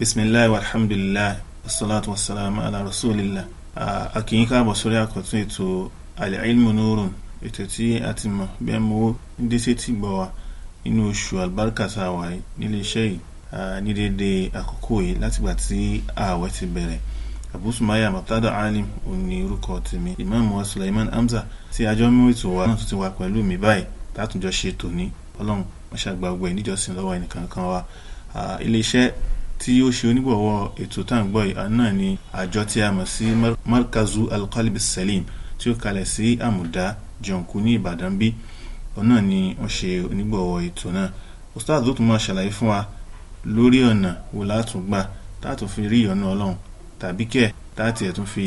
bisimilayi alhamdulilayi wasalaatu wasalaamu ala rasulillah a kì í káàbọ̀ sórí àkọ́tún ètò al-ilmu nurun ètò tí a ti mọ̀ bí a mọ̀ déṣe ti gbọ́ wa nínú oṣù àlùbáríkà tá a wà nílé iṣẹ́ yìí ní déédéé àkókò yìí látìgbà tí ààwẹ̀ ti bẹ̀rẹ̀ Abu Sumaya Murtada Alim òní orúkọ tèmi Imam wa Sulaiman Hamza tí a jọ mú ètò wa náà tó ti wà pẹ̀lú mi báyìí látúnjọ ṣe tòní ọlọ́run wọ́n ṣàgbà ọgbẹ́ níjọsìn lọ́wọ́ ẹnìkan kan wa ilé iṣẹ́ tí ó ṣe onígbọ̀wọ́ ètò tá à ń gbọ́ yìí àná ni àjọ tí a mọ̀ sí markazu alqalib salim tí ó kalẹ̀ sí àmùdá jọ̀ǹkú ní ìbàdàn bí ọ̀nà ni wọ́n ṣe onígbọ̀wọ́ ètò náà ustaz ló tún máa ṣàlàyé fún wa lórí ọ̀nà wo látún gbà táàtún fi rí ìyọ́nú ọlọ́run tàbí kẹ̀ táàtì ẹ̀ tún fi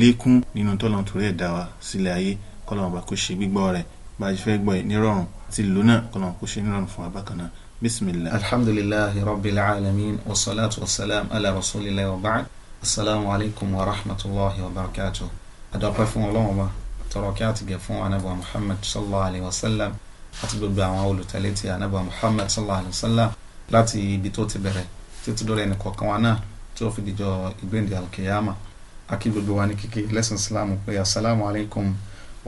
lékún nínú tọ́lọ́run torí ẹ̀ dá wa sílẹ̀ ayé kọ́lọ́run bá kó ṣe gbígbọ́ rẹ̀ bá a ṣe fẹ́ gbọ́ ẹ̀ nírọ̀rùn àti ìlú náà kọ́lọ́run kó ṣe nírọ̀rùn fún wa náà بسم الله الحمد لله رب العالمين والصلاة والسلام على رسول الله وبعد السلام عليكم ورحمة الله وبركاته أدعوكم فون الله وما تركات جفون نبوة محمد صلى الله عليه وسلم أتبع بعمول تلتي نبوة محمد صلى الله عليه وسلم láti ibi tó ti bẹ̀rẹ̀ títí dórí ẹnì kọ̀ọ̀kan wa náà tí ó fi dìjọ ìgbéǹde alkiyama akí gbogbo wa ní kíkí lẹ́sìn islámù pé asalaamu alaykum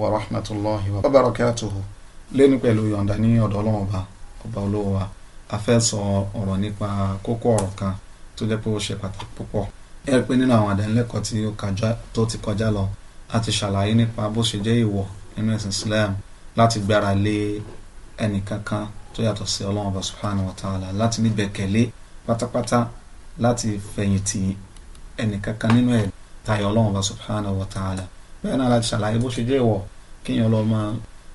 wa rahmatulahi wa barakatuhu lẹ́nu pẹ̀lú yọ̀ǹda ní ọ̀dọ̀ ọlọ́run ọba ọba olówó wa a fẹ́ sọ ọ̀rọ̀ nípa kókó ọ̀rọ̀ kan tó jẹ́ pé ó ṣe pàtàkì púpọ̀ ẹ rí i pé nínú àwọn àdánilẹ́kọ̀ọ́ tí ó ti kọjá lọ a ti ṣàlàyé nípa bó ṣe jẹ́ ìwọ̀ nínú ẹ̀sìn Islam láti gbára lé ẹnìkankan tó yàtọ̀ sí Ọlọ́run Ọba subhanahu wa ta'ala láti nígbẹ́kẹ̀lé pátápátá láti fẹ̀yìntì ẹnìkankan nínú ẹ̀ tayọ Ọlọ́run Ọba subhanahu wa ta'ala bẹ́ẹ̀ náà láti ṣàlàyé bó ṣe jẹ́ ìwọ̀ kéèyàn lọ máa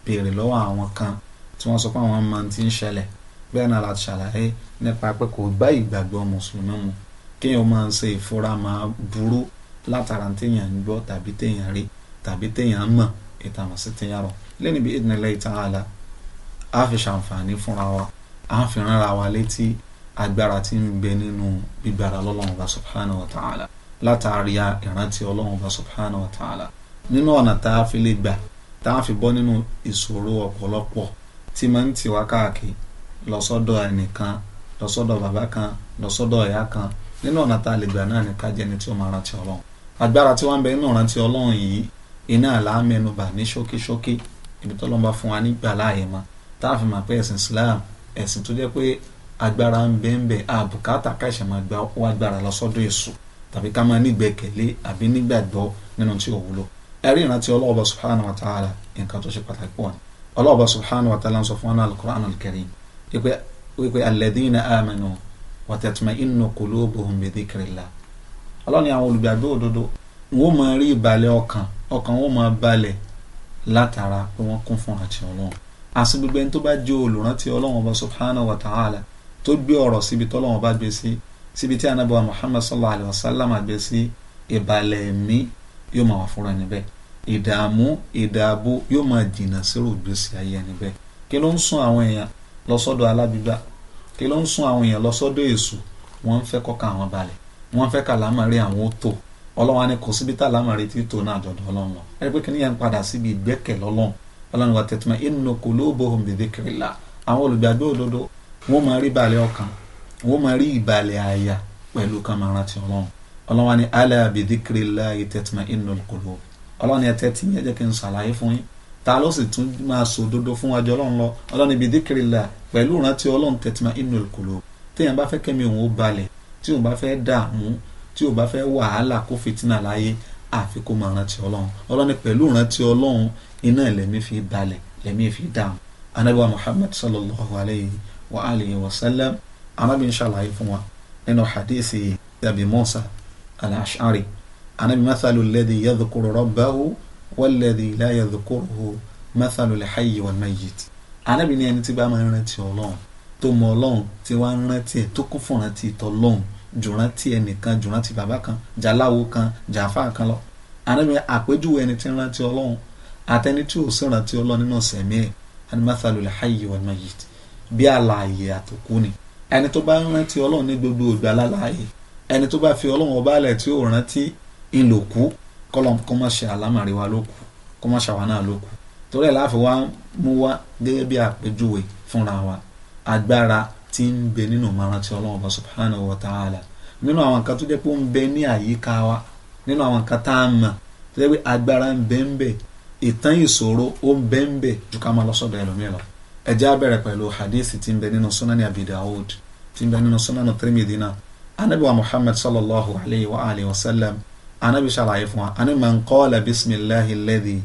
béèrè lọ́wọ́ àwọn kan tí wọ́n sọ pé àwọn máa ti ń ṣẹlẹ̀ bẹ́ẹ̀ náà láti ṣàlàyé nípa pé kò bá ìgbàgbọ́ mùsùlùmí mu kéèyàn máa ń ṣe ìfura máa burú látara téèyàn ń gbọ́ tàbí téèyàn rí tàbí téèyàn mọ̀ ìtàmọ̀ sí téèyàn rọ̀ lẹ́nu bí ìdínlẹ̀ ta'ala á fúnra wa á wa létí agbára tí ń bẹ nínú gbígbára lọ́lọ́run bá subhanahu wa ta'ala látàrí ìrántí ọlọ́run bá subhanahu wa ta'ala nínú ọ̀nà tá a fi lè gbà tá a fi bọ́ nínú ìṣòro ọ̀pọ̀lọpọ̀ tí máa ń tì káàkiri lọ́sọ́dọ̀ ẹnìkan lọ́sọ́dọ̀ bàbá kan lọ́sọ́dọ̀ ìyá kan nínú ọ̀nà tá a lè gbà náà ní ká jẹ́ ẹni tí ó máa rántí ọlọ́run agbára tí wọ́n ń bẹ nínú ìrántí ọlọ́run yìí iná àlá mẹ́nubà ní ṣókíṣókí ibi tó lọ́n bá fún wa nígbà láàyè mọ́ tá a fi mọ̀ pé ẹ̀sìn Islam ẹ̀sìn tó jẹ́ pé agbára ń bẹ ń bẹ àbùkátà káṣẹ̀ máa gba ó agbára lọ́sọ́dọ̀ èṣù tàbí ká máa nígbẹ́kẹ̀lé àbí nígbàgbọ́ nínú tí ò wúlò ẹ̀rí ìrántí ọlọ́ọ̀bà subhanahu wa ta'ala nǹkan tó ṣe pàtàkì pọ̀ ni ọlọ́ọ̀bà subhanahu wa ta'ala ń sọ fún wa náà al-Qur'an al-Karim wípé wípé alladhina amanu wa tatma'innu qulubuhum bi dhikrillah ọlọ́ni àwọn olùgbàgbé òdodo wọn ò máa rí ìbàlẹ̀ ọkàn ọkàn wọn ò máa balẹ̀ látara pé wọ́n kún fún àti ọlọ́run àti gbogbo ẹni tó bá jẹ́ olùrántí ọlọ́run ọba subhanahu wa ta'ala tó gbé ọ̀rọ̀ síbi tọ́lọ́run ọba gbé sí síbi tí anábọ̀ muhammad sallallahu alayhi wa sallam gbé sí ìbàlẹ̀ ẹ̀mí yóò máa wà fúnra níbẹ̀ ìdààmú ìdààbò yóò máa jìnnà sí rògbòsí ayé níbẹ̀ kí ló ń sún àwọn èèyàn lọ́sọ́dọ̀ alábìgbà kí ló ń sún àwọn èèyàn lọ́sọ́dọ̀ èṣù wọ́n ń fẹ́ kọ́ka àwọn balẹ̀ wọ́n fẹ́ kà lámàrí àwọn tó ọlọ́wọ́n á ní kò síbi tá lámàrí tí tó náà dọ̀dọ̀ ọlọ́run lọ ẹ rí pé kí nìyẹn ń padà síbi ìgbẹ́kẹ̀ lọ́lọ́run ọlọ́run wa tẹ̀tùmọ̀ inú kò lóbo ohun bèbè kìrìlà àwọn olùgbàgbọ́ òdodo wọ́n máa rí balẹ̀ ọkàn wọ́n máa rí ìbalẹ̀ àyà pẹ̀lú kan ọlọ́run ọlọ́run wa ní alẹ́ àbèdè kìrìlà ìtẹ̀tùmọ̀ ta ló sì tún máa sọ òdodo fún wájú ọlọ́run lọ ọlọ́run ibi díkiri là pẹ̀lú ìrántí ọlọ́run tẹ̀tìmá inú ìkòló téèyàn bá fẹ́ kẹ́mi òun ó balẹ̀ tí òun bá fẹ́ dààmú tí òun bá fẹ́ wàhálà kó fìtínà láyé àfi máa rántí ọlọ́run ọlọ́run pẹ̀lú ìrántí ọlọ́run iná lẹ́mí fi balẹ̀ lẹ́mí fi dààmú. anábíwá muhammad sallallahu alayhi wa alihi wa sallam anábì ń ṣàlàyé fún wa nínú hadisi abi musa al-ash'ari anábì mathalu alladhi yadhkuru walladhi la yadhkuruhu mathalul hayyi wal mayyit anábì ní ẹni tí bá máa ń rántí ọlọ́run tó mọ ọlọ́run tí wàá ń rántí ẹ̀ tó kún fún rántí ìtọ́ ọlọ́run jùrántí ẹnìkan jùrántí bàbá kan jàláwo kan jàfà kan lọ anábì àpèjúwe ẹni tí ń rántí ọlọ́run àtẹni tí ò sí rántí ọlọ́run nínú sẹ̀mí ẹ̀ ani mathalul hayyi wal mayyit bí alààyè àtòkú ni ẹni tó bá ń rántí ọlọ́run ní gbogbo ìgbà kọ́lọ̀ kọ́ má ṣe àlámàrí wa lókù kọ́ má ṣàwa náà lókù torí ẹ̀ láàfin wa mú wa gẹ́gẹ́ bí àpèjúwe fúnra wa agbára tí ń bẹ nínú ìmọ̀ràn tí ọlọ́run bá subhanahu wa ta'ala nínú àwọn nǹkan tó jẹ́ pé ó ń bẹ ní àyíká wa nínú àwọn nǹkan tá a mọ̀ tó jẹ́ pé agbára ń bẹ ń bẹ ìtàn ìṣòro ó ń bẹ ń bẹ ju ká máa lọ sọ́dọ̀ ẹlòmíì lọ ẹ hadith tí ń bẹ nínú sunani abi daoud tí ń bẹ nínú sunani tirimidina anabiwa muhammad sallallahu alayhi wa alayhi wa sallam anabi ṣàlàyé fún wa ani man qala bisimilahi alladhi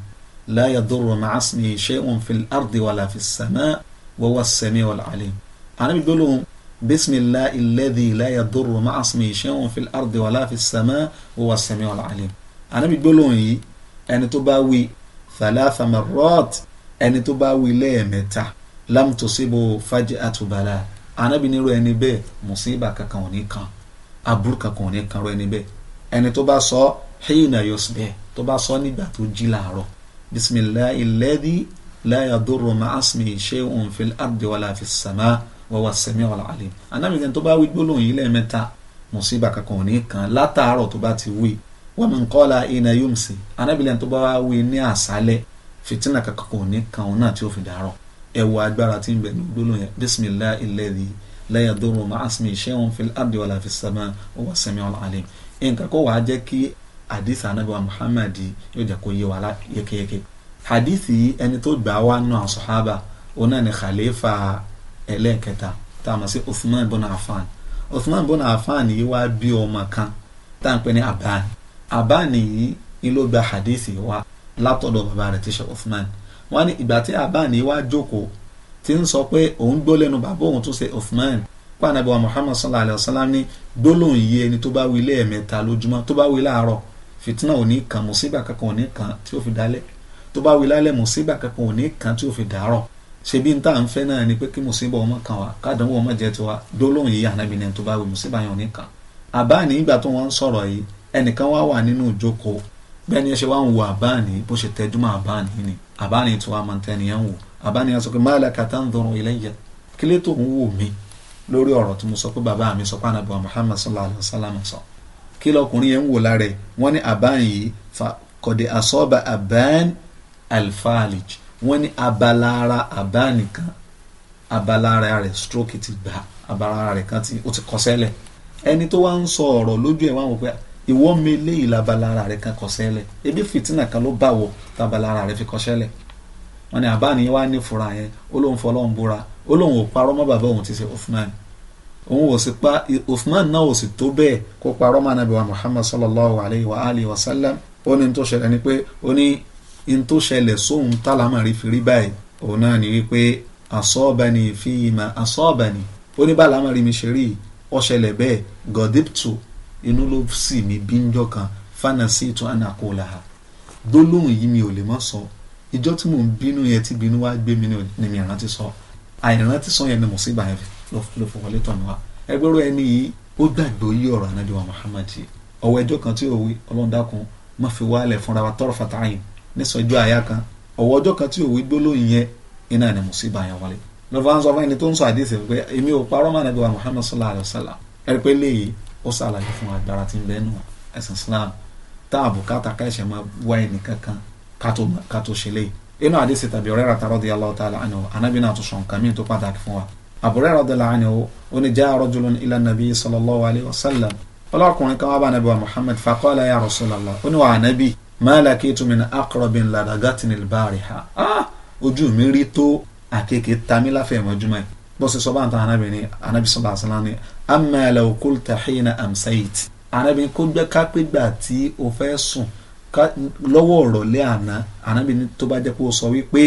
la yadurru ma'a ismihi shay'un fil ardi wala fis sama' wa huwa as-sami'ul alim anabi gbólóhùn bisimilahi alladhi la yadurru ma'a ismihi shay'un fil ardi wala fis sama' wa huwa as-sami'ul alim anabi gbólóhùn yìí ẹni tó bá wí thalatha marrat ẹni tó bá wí lẹ́ẹ̀mẹ́ta lam tusibu faj'atu anabi nírú ẹni bẹ́ẹ̀ musiba kankan ò kan aburú kankan ò kan rú bẹ́ẹ̀ ẹni tó bá sọ hina yusbih tó bá sọ nígbà tó jí làárọ̀ bisimilahi lẹ́dí láyà dúró màásìmì shay'un fil ardi wàlà fi sàmà wàwà sẹ́mi wàlà alim anábìyẹn tó bá wí gbólóhùn yìí lẹ́ẹ̀mẹ́ta mùsíbà kankan ò ní kan látàárọ̀ tó bá ti wí wọ́n mi ń kọ́ la ina yumsi anábìyẹn tó bá wí ní àṣálẹ́ fìtínà kankan kò ní kan òun náà tí ó fi dàárọ̀ ẹ agbára tí ń bẹ ní gbólóhùn yẹn bisimilahi lẹ́dí láyà dúró màásìmì shay'un fil ardi wàlà fi sàmà wàwà sẹ́mi wàlà alim nǹkan kó wàá jẹ́ kí hadith anabiwa muhammad yóò jẹ́ kó yé wa yékéyéké hadith yìí ẹni tó gbà wá nù àṣọhábà òun náà ni khalifa ẹlẹ́ẹ̀kẹta tá a mọ̀ sí Uthman ibn Affan Uthman ibn Affan yìí wá bí ọmọ kan tá à ń pè ní aban aban yìí ni ló gba hadith yìí wá látọ̀dọ̀ bàbá rẹ̀ tí ṣe Uthman wọ́n ìgbà tí aban yìí wá jókòó tí ń sọ pé òun gbọ́ lẹ́nu bàbá òun tó ṣe Uthman pàànàbíwá Muhammad sallallahu alayhi wa sallam ní gbólóhùn yìí ẹni tó bá wí lẹ́ẹ̀mẹ́ta lójúmọ́ tó bá wí láàárọ̀ fìtínà ò ní kàn mùsíbà kankan ò ní kàn tí ó fi dálẹ̀ tó bá wí lálẹ́ mùsíbà kankan ò ní kàn tí ó fi dàárọ̀ ṣebí n tá à ń fẹ́ náà ni pé kí mùsíbà ọmọ kan wa kádàánwò ọmọ jẹ tiwa gbólóhùn yìí ànábìnrin tó bá wí mùsíbà yẹn ò ní kàn àbáàní ìgbà tó wọ́n sọ̀rọ̀ yìí ẹnìkan wá wà nínú ìjókòó bẹ́ẹ̀ ni ẹ ṣe wá ń wo àbáàní bó ṣe tẹjúmọ́ àbáàní ni àbáàní tí wọ́n á máa wò àbáàní yẹn sọ pé máàlá kàtà ń dọrùn ilé yẹ kílé tó ń wò mí lórí ọ̀rọ̀ tí mo sọ pé bàbá mi sọ pé anabi wa muhammad sallallahu alayhi wa sallam sọ kí lọkùnrin yẹn ń wò lára ẹ̀ wọ́n ní àbáyìn yìí kọ̀dé asọ́ba àbáyìn alfalij wọ́n ní abala ara àbáyìn kan abala ara rẹ̀ stroke ti gbà abala ara rẹ̀ kan tí ó ti kọ sẹ́lẹ̀ ẹni tó wá ń sọ ọ̀rọ̀ lójú ẹ̀ wá wò pé ìwọ mi léyìí labala ara rẹ̀ kan kọ sẹ́lẹ̀ ebi fìtínà kan ló bá wọ tabala ara rẹ̀ fi kọ sẹ́lẹ̀ wọ́n ní àbáyìn yẹn wá ní ó lóun ò parọ́ mọ́ bàbá òun ti ṣe Uthman òun ò sì pa Uthman náà ò sì tó bẹ́ẹ̀ kó parọ́ mọ́ anábìwá Muhammad sallallahu alayhi wa alihi wa sallam ó ní tó ṣẹlẹ̀ ni pé ó ní n tó ṣẹlẹ̀ sóhun tálámà rí fi rí báyìí òun náà ní wípé asọ́ọ̀bani fíìmà asọ́ọ̀bani ó ní bálámà rí mi ṣe rí ó ṣẹlẹ̀ bẹ́ẹ̀ gọ̀díptù inú ló sì mí bíjọ́ kan fánàsì ìtún ànàkóòlà gbólóhùn yìí mi ò lè mọ̀ sọ ìjọ́ tí mò ń bínú yẹn tí bínú wá gbé mi ní mi ìrántí sọ. So àìrántí sọ yẹn ni mùsíbà yẹn ló fọwọ́lé tọ̀nù wa ẹgbẹ́rún ẹni yìí ó gbàgbọ́ yí ọ̀rọ̀ ànábì wa Muhammad yìí ọwọ́ ẹjọ́ kan tí ò wí ọlọ́run dákun má fi wálẹ̀ fúnra wa tọrọ fàtàyìn nísọjú àyà kan ọwọ́ ọjọ́ kan tí ò wí gbólóyìn yẹn iná ni mùsíbà yẹn wọlé lọ́fà ń sọ fún ẹni tó ń sọ àdìsẹ́ pé èmi ò parọ́ mọ́ ànábì wa Muhammad sallallahu alayhi wa sallam inú àdìsí tàbí ọ̀rẹ́ rata radiyallahu ta'ala anhu anábì náà tún sọ nǹkan míì tó pàtàkì fún wa àbúrẹ́ radiyallahu anhu ó ní jaa rajulun ila nabi sallallahu alayhi wa sallam ọlọ́kùnrin kan wá bá nabi wa muhammad faqala ya rasulallah ó ní wa anabi ma lakitu min aqrabin ladagatini al-bariha ah ojú mi rí tó àkekèé tamíláfẹ́ mọ́júmọ́ yìí bó ṣe sọ bá ń anabi ni anabi sọlá asálá ni amma law qulta hina amsayt anabi kó gbẹ ká pé gbà o fẹ́ sùn lọ́wọ́ ọ̀rọ̀lẹ́ àná ànábì ní tó bá jẹ́ pé ó sọ wípé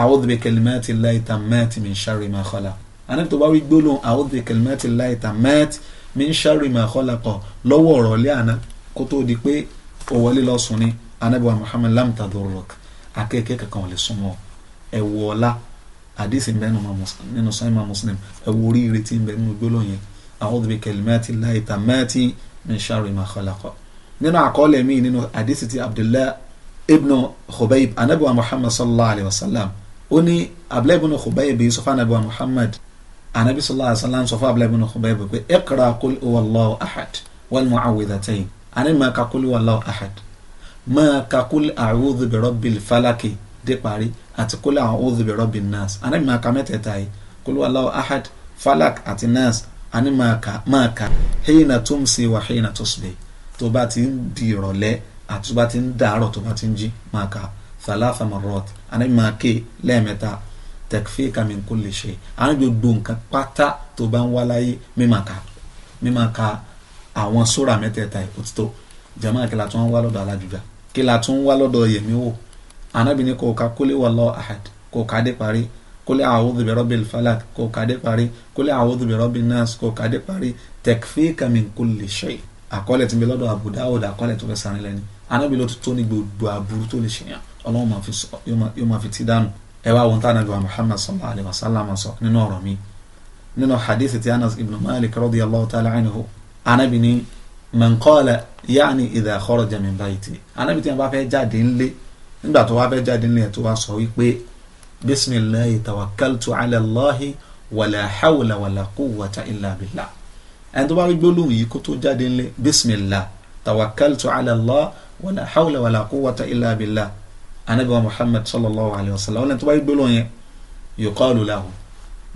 a'udhu bi kalimati llahi tammati min sharri ma khalaq ànábì tó bá wí gbólóhùn a'udhu bi kalimati llahi tammati min sharri ma khalaq lọ́wọ́ ọ̀rọ̀lẹ́ àná kó tó di pé ó wọlé lọ sùn ni ànábì wa Muhammad lam tadurruk akẹ́kẹ́ kankan ò lè súnmọ́ ẹ wọ ọlá àdìsí bẹ́ẹ̀ nínú sọ́yìnmá Muslim ẹ wo oríire tí nínú gbólóhùn yẹn a'udhu bi kalimati llahi tammati min sharri ma khalaq nínú àkọọ́lẹ̀ míì nínú àdìsí ti abdullahi ibnu khubayb anabi wa muhammad sallallahu alayhi wa sallam ó ní abdullahi ibnu khubayb sọ fún anabi wa muhammad anabi sallallahu alayhi wa sallam sọ fún abdullahi ibnu khubayb pé iqra qul huwallahu ahad wal mu'awwidhatayn ani máa ka qul huwallahu ahad máa ka qul a'udhu bi rabbil falaki dé parí àti qul a'udhu bi rabbin nas anabi máa ka mẹ́tẹ̀ẹ̀ta yìí qul huwallahu ahad falak àti nas ani máa ka máa ka hina tumsi wa hina tusbih tó bá ti ń di ìrọ̀lẹ́ àti tó bá ti ń dàárọ̀ tó bá ti ń jí máa kà thalatha marrat ànábì máa ké lẹ́ẹ̀mẹ́ta takfika min kulli shay ànábì gbogbo nǹkan pátá tó bá ń wá láyé mímà ká mímà ká àwọn sóra mẹ́tẹ̀ẹ̀ta ìkótító jàmáà kí la tún wá lọ́dọ̀ alájùjá kí la tún wá lọ́dọ̀ yẹ̀mí wò ànábì ní kò ká kólé wallahu ahad kò ká dé parí kólé a'udhu bi rabbil falak kò ká dé parí kólé a'udhu bi rabbin nas kò ká dé parí takfika min kulli shay àkọọ́lẹ̀ tí mi lọ́dọ̀ Abu Dawud àkọọ́lẹ̀ tó fẹ́ sáré lẹ́ni anábì ló ti tó ní gbogbo aburú tó lè ṣèyàn ọlọ́run yóò máa fi ti dànù ẹ wá wọn tá anábì wa Muhammad sallallahu alayhi wa sallam sọ nínú ọ̀rọ̀ mi nínú hadith ti Anas ibn Malik radiyallahu ta'ala anhu anábì ní man qala yaani idha kharaja min bayti anábì tí wọn bá fẹ́ jáde ńlé nígbà ẹni tó bá rí gbólóhùn yìí kó tó jáde ńlẹ̀ bismillah tawakkaltu ala allah wala hawla wala quwwata illa billah anabi wa muhammad sallallahu alayhi wa sallam ọ̀nà tó bá rí gbólóhùn yẹn yuqalu lahu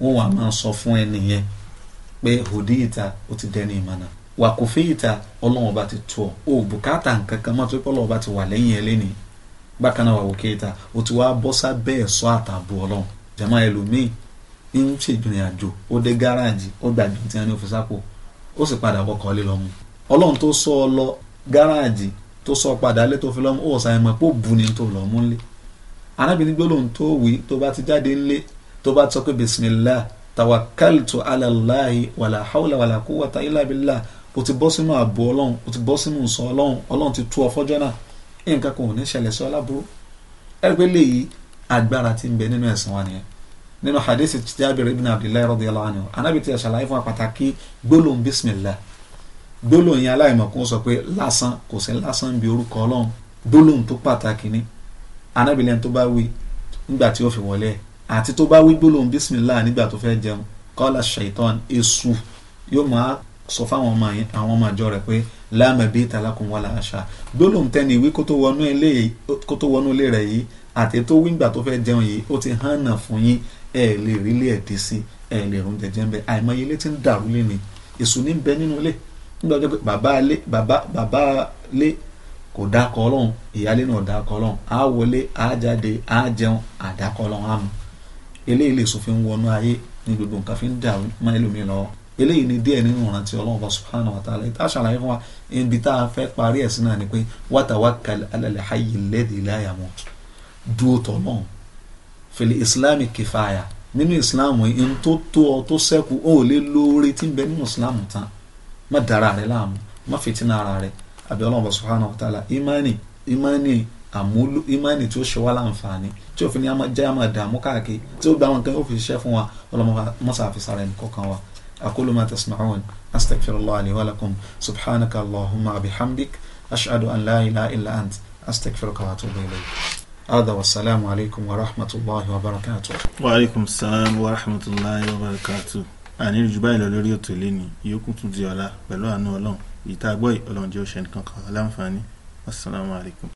wọn wà máa sọ fún ẹni yẹn pé hudita ó ti dẹni ìmọ̀nà wà kò fẹ́ ìta ọlọ́run ọba ti tọ̀ o bùkátà nǹkan kan mọ́tò pé ọlọ́run ọba ti wà lẹ́yìn ẹ lẹ́ni bákan náà wà wò ó sì padà kọkọ lé lọ́mú ọlọ́run tó sọ ọ lọ gáràjì tó sọ padà lé tó fi lọ́mú ó sàn mọ́ pò bu ni tó lọ́mú ńlẹ̀ arábìnrin gbólóhùn tó wí tó bá ti jáde ńlẹ̀ tó bá ti sọ pé bisimilah tawakaltu alalahi wàlà hawla wàlà kúwàtà ilàbílà o ti bọ́ sínú ààbò ọlọ́run o ti bọ́ sínú ìsọ ọlọ́run ọlọ́run ti tú ọ náà nǹkan kan ò ní ṣẹlẹ̀ sí ọ nínú hadith jabir ibn abdullahi radiyallahu anhu anabi ti ṣàlàyé fún wa pàtàkì gbólóhùn bismillah gbólóhùn yẹn aláìmọ̀kún sọ pé lásán kò sí lásán bí orúkọ ọlọ́run gbólóhùn tó pàtàkì ni anabi lẹ́nu tó bá wí nígbà tí ó fi wọlé àti tó bá wí gbólóhùn bismillah nígbà tó fẹ́ jẹun kọ́lá shaitan èṣù yóò máa sọ fáwọn ọmọ àwọn ọmọ àjọ rẹ̀ pé láàmẹ̀bí ìtàlákùn wà láàṣà gbólóhùn tẹ́ni ìwé kó tó wọnú ilé rẹ̀ yìí àti tó wíńgbà tó fẹ́ jẹun yìí ó ti hànà fún yín ẹ lè rí ilé ẹ̀ dé sí ẹ lè rún jẹjẹ ń bẹ àìmọye ilé tí ń dàrú lé ni èṣù ní bẹ nínú ilé nígbà tó pé bàbá ilé bàbá bàbá ilé kò dákọ ọlọ́run ìyáálé náà dákọ ọlọ́run á wọlé á jáde á jẹun àdákọ ọlọ́run á mu eléyìí lè sòfin wọnú ayé ní gbogbo nǹkan fi ń dàrú mọ́ ẹlòmíràn eléyìí ni díẹ̀ nínú ìrántí ọlọ́run bá subhanahu wa ta'ala ìta ṣàlàyé fún wa ibi tá a fẹ́ parí ẹ̀sìn náà ni pé wa tawakkal ala al-hayy alladhi la yamut dúró tọ̀ náà fil islam kifaya nínú islam yìí n tó tó ọ tó sẹ́kù ó lè lóore tí ń bẹ nínú islam tán má dara rẹ láàmú má fìtínà ara rẹ àbí ọlọ́run bá subhanahu wa ta'ala imani imani àmúlò ìmánì tí ó ṣe wá láǹfààní tí òfin ni jẹ́ àmọ́ dààmú káàkiri tí ó gba àwọn nǹkan yóò fi ṣiṣẹ́ fún wa ọlọ́mọ mọ́sàáfíṣà rẹ̀ nìkọ̀ọ̀kan wa أقول ما تسمعون أستغفر الله لي ولكم سبحانك اللهم وبحمدك أشهد أن لا إله إلا أنت أستغفرك وأتوب إليك هذا والسلام عليكم ورحمة الله وبركاته وعليكم السلام ورحمة الله وبركاته àní ìjùbá ìlọ lórí ètò ilé ni ìyókù tún di ọ̀la pẹ̀lú àánú ọlọ́run ìta gbọ́ ọlọ́run jẹ́ òṣèlú kankan aláǹfààní assalamu alaikum